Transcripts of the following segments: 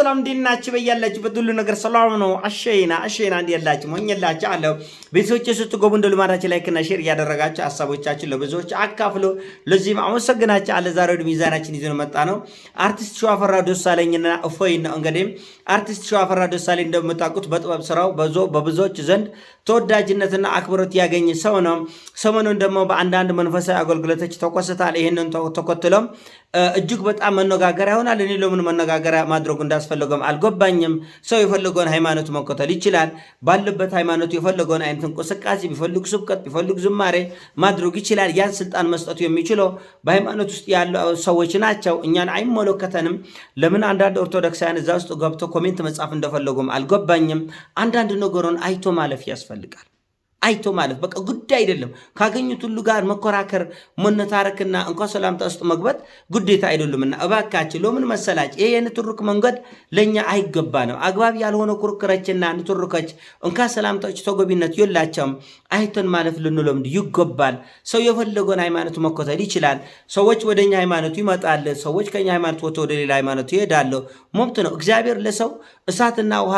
ሰላም እንዲናችሁ በያላችሁበት ሁሉ ነገር ሰላም ነው። አሸይና አሸይና እንዲያላችሁ ሞኝላችሁ አለው። ቤተሰቦች ስትገቡ እንደ ልማዳችሁ ላይክና ሼር እያደረጋችሁ ሀሳቦቻችን ለብዙዎች አካፍሎ ለዚህም አመሰግናችሁ አለ። ዛሬ ወደ ሚዛናችን ይዘን መጣ ነው አርቲስት ሸዋፈራ ደሳለኝና እፎይ ነው። እንግዲህ አርቲስት ሸዋፈራ ደሳለኝ እንደምታውቁት በጥበብ ስራው በብዙዎች ዘንድ ተወዳጅነትና አክብሮት ያገኘ ሰው ነው። ሰሞኑን ደግሞ በአንዳንድ መንፈሳዊ አገልግሎቶች ተቆስታል። ይህንን ተከትሎም እጅግ በጣም መነጋገሪያ ይሆናል። እኔ ለምን መነጋገሪያ ማድረጉ እንዳስፈለገም አልገባኝም። ሰው የፈለገውን ሃይማኖት መከተል ይችላል። ባለበት ሃይማኖት የፈለገውን አይነት እንቅስቃሴ ቢፈልግ ስብከት፣ ቢፈልግ ዝማሬ ማድረግ ይችላል። ያን ስልጣን መስጠቱ የሚችለው በሃይማኖት ውስጥ ያሉ ሰዎች ናቸው። እኛን አይመለከተንም። ለምን አንዳንድ ኦርቶዶክሳውያን እዛ ውስጥ ገብቶ ኮሜንት መጻፍ እንደፈለጉም አልገባኝም። አንዳንድ ነገሩን አይቶ ማለፍ ያስፈልጋል። አይቶ ማለት በቃ ጉዳይ አይደለም። ካገኙት ሁሉ ጋር መኮራከር፣ መነታረክና እንኳ ሰላምታ ውስጥ መግባት ግዴታ አይደሉምና እባካችን ለምን መሰላች ይሄ የንትርክ መንገድ ለእኛ አይገባ ነው። አግባብ ያልሆነ ኩርክረችና ንትርኮች እንኳ ሰላምታዎች ተገቢነት የላቸውም። አይቶን ማለፍ ልንለምድ ይገባል። ሰው የፈለገውን ሃይማኖት መከተል ይችላል። ሰዎች ወደ እኛ ሃይማኖቱ ይመጣል። ሰዎች ከኛ ሃይማኖት ወጥተው ወደ ሌላ ሃይማኖት ይሄዳሉ። መብት ነው። እግዚአብሔር ለሰው እሳትና ውሃ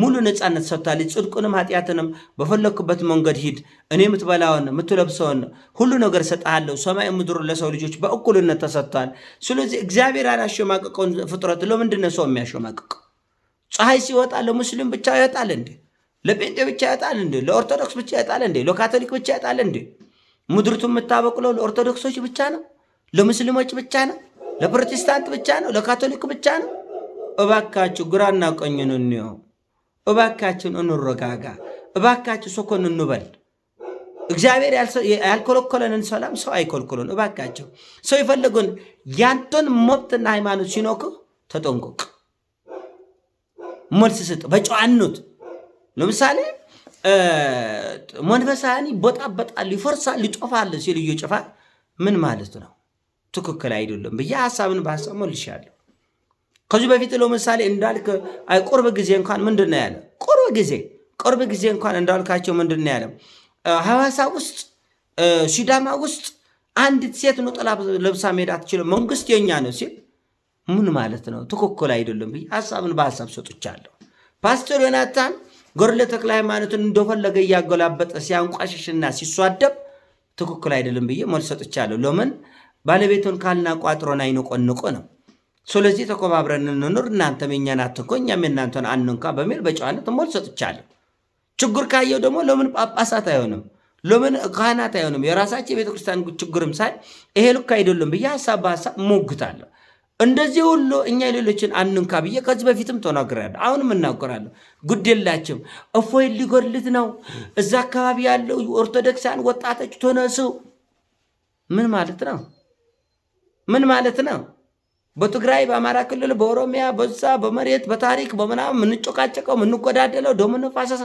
ሙሉ ነፃነት ሰጥቷል። ጽድቁንም ኃጢአትንም በፈለግኩበት መንገድ ሂድ፣ እኔ የምትበላውን የምትለብሰውን ሁሉ ነገር እሰጥሃለሁ። ሰማይ ምድሩ ለሰው ልጆች በእኩልነት ተሰጥቷል። ስለዚህ እግዚአብሔር ያላሸማቀቀውን ፍጥረት ለምንድን ነው ሰው የሚያሸማቀቀው? ፀሐይ ሲወጣ ለሙስሊም ብቻ ይወጣል እንዴ? ለጴንጤ ብቻ ይወጣል እንዴ? ለኦርቶዶክስ ብቻ ይወጣል እንዴ? ለካቶሊክ ብቻ ይወጣል እንዴ? ምድርቱ የምታበቅለው ለኦርቶዶክሶች ብቻ ነው? ለሙስሊሞች ብቻ ነው? ለፕሮቴስታንት ብቻ ነው? ለካቶሊክ ብቻ ነው? እባካችሁ ግራና ቀኝን እንየው። እባካችን እንረጋጋ፣ እባካችን ሶኮን እንበል። እግዚአብሔር ያልኮለኮለንን ሰላም ሰው አይኮልኮለን። እባካቸው ሰው የፈለገውን ያንተን መብትና ሃይማኖት ሲኖክ ተጠንቆቅ፣ መልስ ስጥ በጨዋነት። ለምሳሌ መንፈሳኒ ቦጣበጣል፣ ይፈርሳል፣ ይጦፋል ሲል ጭፋ ምን ማለት ነው? ትክክል አይደለም ብዬ ሀሳብን በሀሳብ መልሻለሁ። ከዚህ በፊት ለምሳሌ እንዳልክ አይ ቁርብ ጊዜ እንኳን ምንድን ነው ያለ? ቁርብ ጊዜ ቁርብ ጊዜ እንኳን እንዳልካቸው ምንድን ነው ያለ? ሐዋሳ ውስጥ ሲዳማ ውስጥ አንዲት ሴት ነጠላ ለብሳ መሄድ አትችልም፣ መንግስት የኛ ነው ሲል ምን ማለት ነው? ትክክል አይደለም ብዬ ሀሳብን በሀሳብ ሰጥቻለሁ። ፓስተር ዮናታን ገድለ ተክለ ሃይማኖትን እንደፈለገ እያገላበጠ ሲያንቋሽሽና ሲሷደብ ትክክል አይደለም ብዬ መልስ ሰጥቻለሁ። ለምን ባለቤቱን ካልና ቋጥሮን አይነቆንቆ ነው ስለዚህ ተኮባብረን እንኑር፣ እናንተም የእኛን አትንኮ፣ እኛም የእናንተን አንንኳ በሚል በጨዋነት ሞል ሰጥቻለሁ። ችግር ካየው ደግሞ ለምን ጳጳሳት አይሆንም? ለምን ካህናት አይሆንም? የራሳቸው የቤተክርስቲያን ችግርም ሳይ ይሄ ልክ አይደለም ብዬ ሀሳብ በሀሳብ ሞግታለሁ። እንደዚህ ሁሉ እኛ የሌሎችን አንንካ ብዬ ከዚህ በፊትም ተናግራለሁ፣ አሁንም እናገራለሁ። ግድ የላችም እፎይ ሊጎልት ነው። እዛ አካባቢ ያለው ኦርቶዶክሳን ወጣቶች ተነሱ። ምን ማለት ነው? ምን ማለት ነው? በትግራይ በአማራ ክልል በኦሮሚያ በዛ በመሬት በታሪክ በምናምን የምንጮቃጨቀው የምንጎዳደለው ደሞ ነፋሰሳ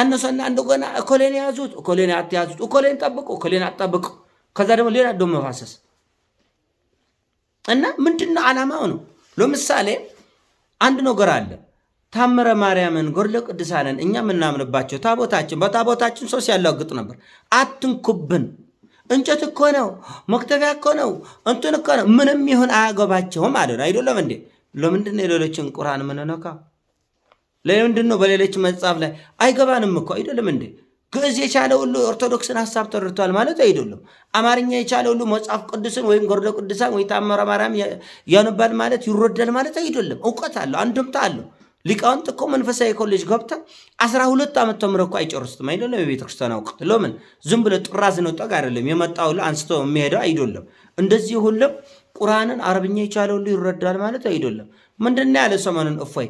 አነሰና እንደገና እኮሌን ያዙት እኮሌን አትያዙት እኮሌን ጠብቁ እኮሌን አትጠብቁ ከዛ ደግሞ ሌላ ደሞ ነፋሰስ እና ምንድነው አላማው ነው። ለምሳሌ አንድ ነገር አለ። ታምረ ማርያምን ጎርለ ቅዱሳንን እኛ የምናምንባቸው ታቦታችን በታቦታችን ሰው ሲያላግጡ ነበር። አትንኩብን እንጨት እኮ ነው፣ መክተፊያ እኮ ነው፣ እንትን እኮ ነው። ምንም ይሁን አያገባቸውም አለ አይደለም እንዴ? ለምንድን ነው የሌሎችን ቁርአን ምንነካ? ለምንድን ነው በሌሎች መጽሐፍ ላይ አይገባንም እኮ አይደለም እንዴ? ግዕዝ የቻለ ሁሉ ኦርቶዶክስን ሀሳብ ተረድቷል ማለት አይደለም። አማርኛ የቻለ ሁሉ መጽሐፍ ቅዱስን ወይም ገድለ ቅዱሳን ወይ ተአምረ ማርያም ያነባል ማለት ይረዳል ማለት አይደለም። እውቀት አለው፣ አንድምታ አለው። ሊቃውንት እኮ መንፈሳዊ ኮሌጅ ገብተ አስራ ሁለት ዓመት ተምረ እኮ አይጨርስትም አይደለም። የቤተክርስቲያን እውቀት ለምን ዝም ብለ ጥራ ዝነጠቅ ጠቅ አይደለም። የመጣው አንስቶ የሚሄደው አይደለም። እንደዚህ ሁለም ቁርአንን አረብኛ የቻለ ሁሉ ይረዳል ማለት አይደለም። ምንድን ያለ ሰሞኑን እፎይ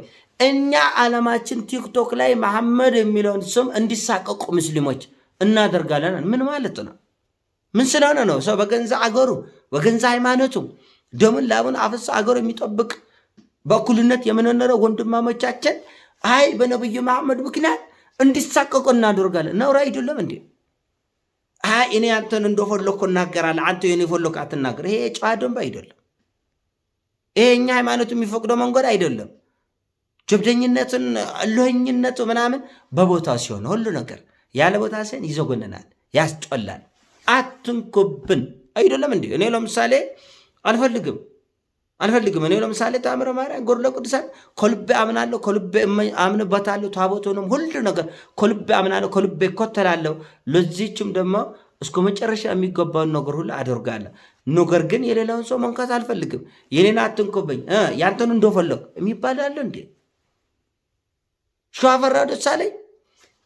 እኛ ዓለማችን ቲክቶክ ላይ መሐመድ የሚለውን ስም እንዲሳቀቁ ሙስሊሞች እናደርጋለን። ምን ማለት ነው? ምን ስለሆነ ነው? ሰው በገንዘብ አገሩ በገንዘብ ሃይማኖቱ ደምን ላቡን አፍሶ አገሩ የሚጠብቅ በእኩልነት የምንኖረው ወንድማሞቻችን አይ በነብዩ መሐመድ ምክንያት እንዲሳቀቁ እናደርጋለን። ነውር አይደለም እንዴ? አይ እኔ አንተን እንደፈለኩ እናገራለ፣ አንተ የኔ ፈለግ አትናገር። ይሄ ጨዋ ደንብ አይደለም። ይሄ እኛ ሃይማኖት የሚፈቅደው መንገድ አይደለም። ጀብደኝነትን፣ እልህኝነቱ ምናምን በቦታ ሲሆን ሁሉ ነገር ያለ ቦታ ሲሆን ይዘጎንናል፣ ያስጠላል። አትንኩብን አይደለም እንዴ? እኔ ለምሳሌ አልፈልግም አልፈልግም። እኔ ለምሳሌ ተአምረ ማርያም ጎርለ ቅዱሳን ከልቤ አምናለሁ፣ ከልቤ አምንበታለሁ። ታቦቱንም ሁሉ ነገር ከልቤ አምናለሁ፣ ከልቤ እኮተላለሁ። ለዚችም ደግሞ እስከ መጨረሻ የሚገባውን ነገር ሁሉ አደርጋለሁ። ነገር ግን የሌላውን ሰው መንካት አልፈልግም። የኔን አትንኩብኝ፣ ያንተን እንደፈለግ የሚባል አለ እንዴ? ሸዋፈራው ደሳለኝ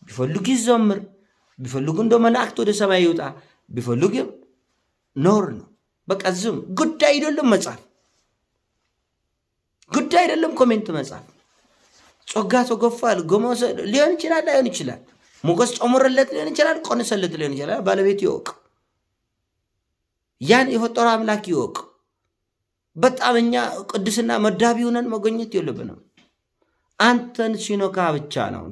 ቢፈልጉ ይዘምር፣ ቢፈልጉ እንደ መላእክት ወደ ሰማይ ይውጣ፣ ቢፈልጉም ኖር ነው። በቃ ዝም ጉዳይ አይደለም መጽሐፍ ጉዳይ አይደለም። ኮሜንት መጻፍ ጾጋ ተጎፋል ጎመሰ ሊሆን ይችላል፣ ላይሆን ይችላል። ሞገስ ጨምርለት ሊሆን ይችላል፣ ቆንሰለት ሊሆን ይችላል። ባለቤት ይወቅ፣ ያን የፈጠረ አምላክ ይወቅ። በጣም እኛ ቅድስና መዳቢውነን መገኘት የለብንም። አንተን ሲኖካ ብቻ ነው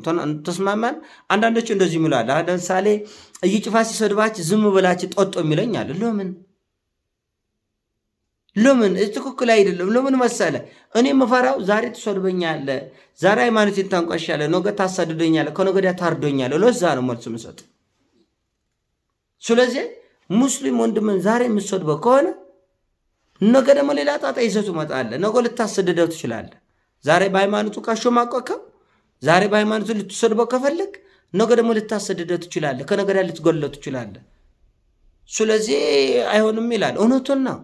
ተስማማን። አንዳንዶች እንደዚህ ይላል። ለምሳሌ እየጭፋ ሲሰድባች ዝም ብላች ጦጦ የሚለኝ አለ ለምን ለምን ትክክል አይደለም? ለምን መሰለ እኔ የምፈራው ዛሬ ትሰድበኛለ፣ ዛሬ ሃይማኖቴን ታንቋሻለ፣ ነገ ታሳድደኛለ፣ ከነገ ወዲያ ታርዶኛለ። ለዛ ነው መልስ ምሰጥ። ስለዚህ ሙስሊም ወንድምን ዛሬ የምሰድበው ከሆነ ነገ ደግሞ ሌላ ጣጣ ይዘቱ መጣለ፣ ነገ ልታሰድደው ትችላለ። ዛሬ በሃይማኖቱ ካሾማቀከው፣ ዛሬ በሃይማኖቱ ልትሰድበው ከፈለግ፣ ነገ ደግሞ ልታሰድደው ትችላለ፣ ከነገ ወዲያ ልትገለው ትችላለ። ስለዚህ አይሆንም ይላል። እውነቱን ነው።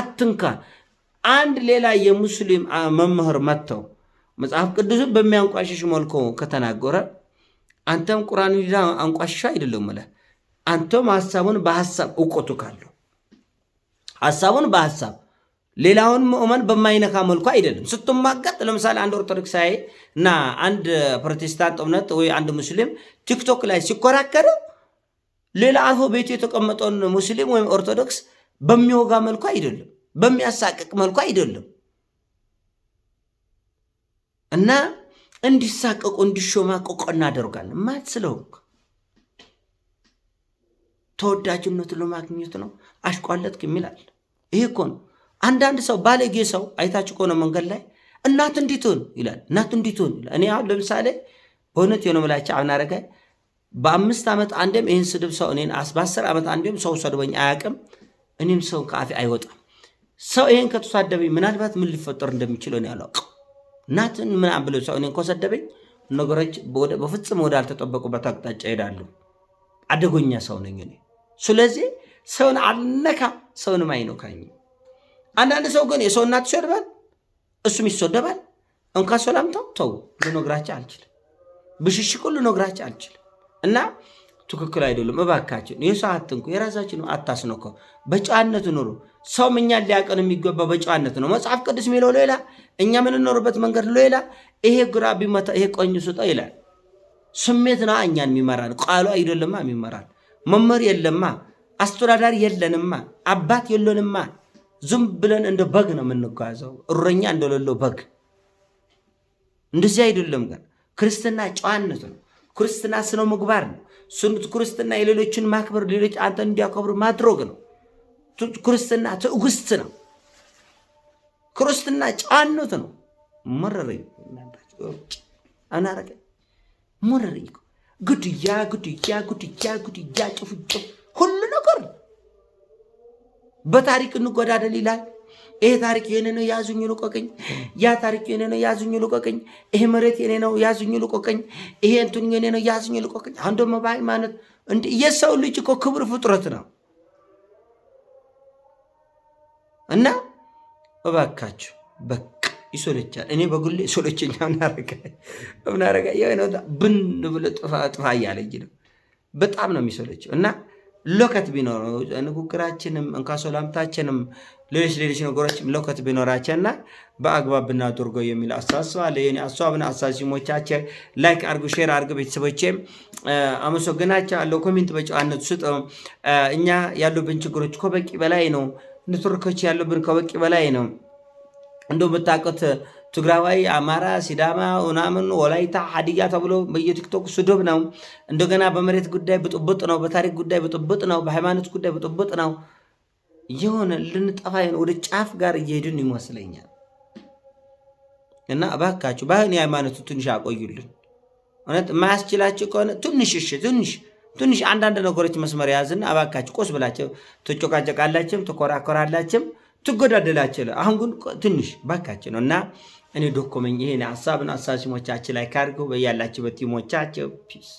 አትንካ። አንድ ሌላ የሙስሊም መምህር መጥተው መጽሐፍ ቅዱስን በሚያንቋሽሽ መልኮ ከተናገረ አንተም ቁርአን ዳ አንቋሽሻ አይደለም ለ አንተም ሀሳቡን በሀሳብ እውቀቱ ካለው ሀሳቡን በሀሳብ ሌላውን ምእመን በማይነካ መልኩ አይደለም ስትማገጥ። ለምሳሌ አንድ ኦርቶዶክሳዊ እና አንድ ፕሮቴስታንት እምነት ወይ አንድ ሙስሊም ቲክቶክ ላይ ሲኮራከረ ሌላ አልፎ ቤቱ የተቀመጠውን ሙስሊም ወይም ኦርቶዶክስ በሚወጋ መልኩ አይደለም፣ በሚያሳቅቅ መልኩ አይደለም። እና እንዲሳቀቁ እንዲሾማቀቁ እናደርጋለን። ማት ስለሆንክ ተወዳጅነት ለማግኘት ነው አሽቋለጥክ የሚላል። ይሄ እኮ ነው። አንዳንድ ሰው ባለጌ ሰው አይታችሁ ከሆነ መንገድ ላይ እናት እንዲትሆን ይላል፣ እናት እንዲትሆን ይላል። እኔ አሁን ለምሳሌ በእውነት የሆነ መላቻ አሁን በአምስት ዓመት አንዴም ይህን ስድብ ሰው እኔን በአስር ዓመት አንዴም ሰው ሰድበኝ አያውቅም። እኔም ሰው ከአፌ አይወጣም። ሰው ይሄን ከተሳደበኝ ምናልባት ምን ሊፈጠር እንደሚችለው ነው ያለው። እናትን ምናምን ብለ ሰው እኔን ከሰደበኝ ነገሮች በፍጹም ወደ አልተጠበቁበት አቅጣጫ ይሄዳሉ። አደገኛ ሰው ነኝ እኔ። ስለዚህ ሰውን አልነካ፣ ሰውንም አይነካኝ። አንዳንድ ሰው ግን የሰው እናት ይሰድባል፣ እሱም ይሰደባል። እንኳ ሰላምታው ተው ልነግራቸው አልችልም። ብሽሽቁ ልነግራቸው አልችልም እና ትክክል አይደሉም። እባካችን የሰው ትንኩ የራሳችን አታስነኮ በጨዋነት ኑሩ። ሰው እኛን ሊያቀን የሚገባው በጨዋነት ነው። መጽሐፍ ቅዱስ የሚለው ሌላ፣ እኛ የምንኖርበት መንገድ ሌላ። ይሄ ግራ ቢመታ ይሄ ቀኝ ስጠው ይላል። ስሜት ነው እኛን የሚመራን፣ ቃሉ አይደለማ የሚመራን። መምህር የለማ፣ አስተዳዳሪ የለንማ፣ አባት የለንማ። ዝም ብለን እንደ በግ ነው የምንጓዘው፣ እረኛ እንደሌለው በግ። እንደዚህ አይደለም ግን ክርስትና ጨዋነት ነው። ክርስትና ስነ ምግባር ነው። ክርስትና የሌሎችን ማክበር፣ ሌሎች አንተ እንዲያከብሩ ማድረግ ነው። ክርስትና ትዕግስት ነው። ክርስትና ጫኑት ነው። መረረኝ፣ መረረኝ። ግድያ፣ ግድያ፣ ግድያ፣ ግድያ፣ ጭፍጭፍ፣ ሁሉ ነገር በታሪክ እንጎዳደል ይላል። ይሄ ታሪክ የኔ ነው ያዙኝ ልቆቀኝ፣ ያ ታሪክ የኔ ነው ያዙኝ ልቆቀኝ፣ ይሄ መሬት የኔ ነው ያዙኝ ልቆቀኝ፣ ይሄ እንትን የኔ ነው ያዙኝ ልቆቀኝ። አንዶ መባይ አንዱ በሃይማኖት የሰው ልጅ እኮ ክብር ፍጥረት ነው እና እባካችሁ በቅ ይሶለቻል። እኔ በጉሌ ሶለችኛ ምናረጋ ብን ብለ ጥፋ ጥፋ እያለኝ ነው። በጣም ነው የሚሶለችው እና ሎከት ቢኖረው ንግግራችንም እንኳ ሰላምታችንም ሌሎች ሌሎች ነገሮችም ሎከት ቢኖራቸውና በአግባብ ብናደርገው የሚል አሳስባለሁ። ይ አሳብና አሳሲሞቻቸው ላይክ አርጉ ሼር አድርጉ። ቤተሰቦቼም አለው ኮሜንት በጨዋነት ስጥ። እኛ ያሉብን ችግሮች ከበቂ በላይ ነው። ንትርኮች ያሉብን ከበቂ በላይ ነው። እንደው ምታቁት ትግራዋይ፣ አማራ፣ ሲዳማ፣ ኡናምን፣ ወላይታ፣ ሀዲያ ተብሎ በየቲክቶክ ስድብ ነው። እንደገና በመሬት ጉዳይ ብጥብጥ ነው። በታሪክ ጉዳይ ብጥብጥ ነው። በሃይማኖት ጉዳይ ብጥብጥ ነው። የሆነ ልንጠፋ ወደ ጫፍ ጋር እየሄድን ይመስለኛል። እና እባካችሁ ባህን የሃይማኖቱ ትንሽ አቆዩልን። እውነት ማያስችላችሁ ከሆነ ትንሽ እሺ፣ ትንሽ ትንሽ አንዳንድ ነገሮች መስመር ያዝና እባካችሁ ቆስ ብላቸው ትጮቃጨቃላችሁም ትኮራኮራላችሁም ትጎዳደላችለ አሁን ግን ትንሽ ባካችን ነው እና እኔ ዶኮመኝ ይሄን ሀሳብን አሳሲሞቻችን ላይ ካድርገው በያላችበት በቲሞቻቸው ፒስ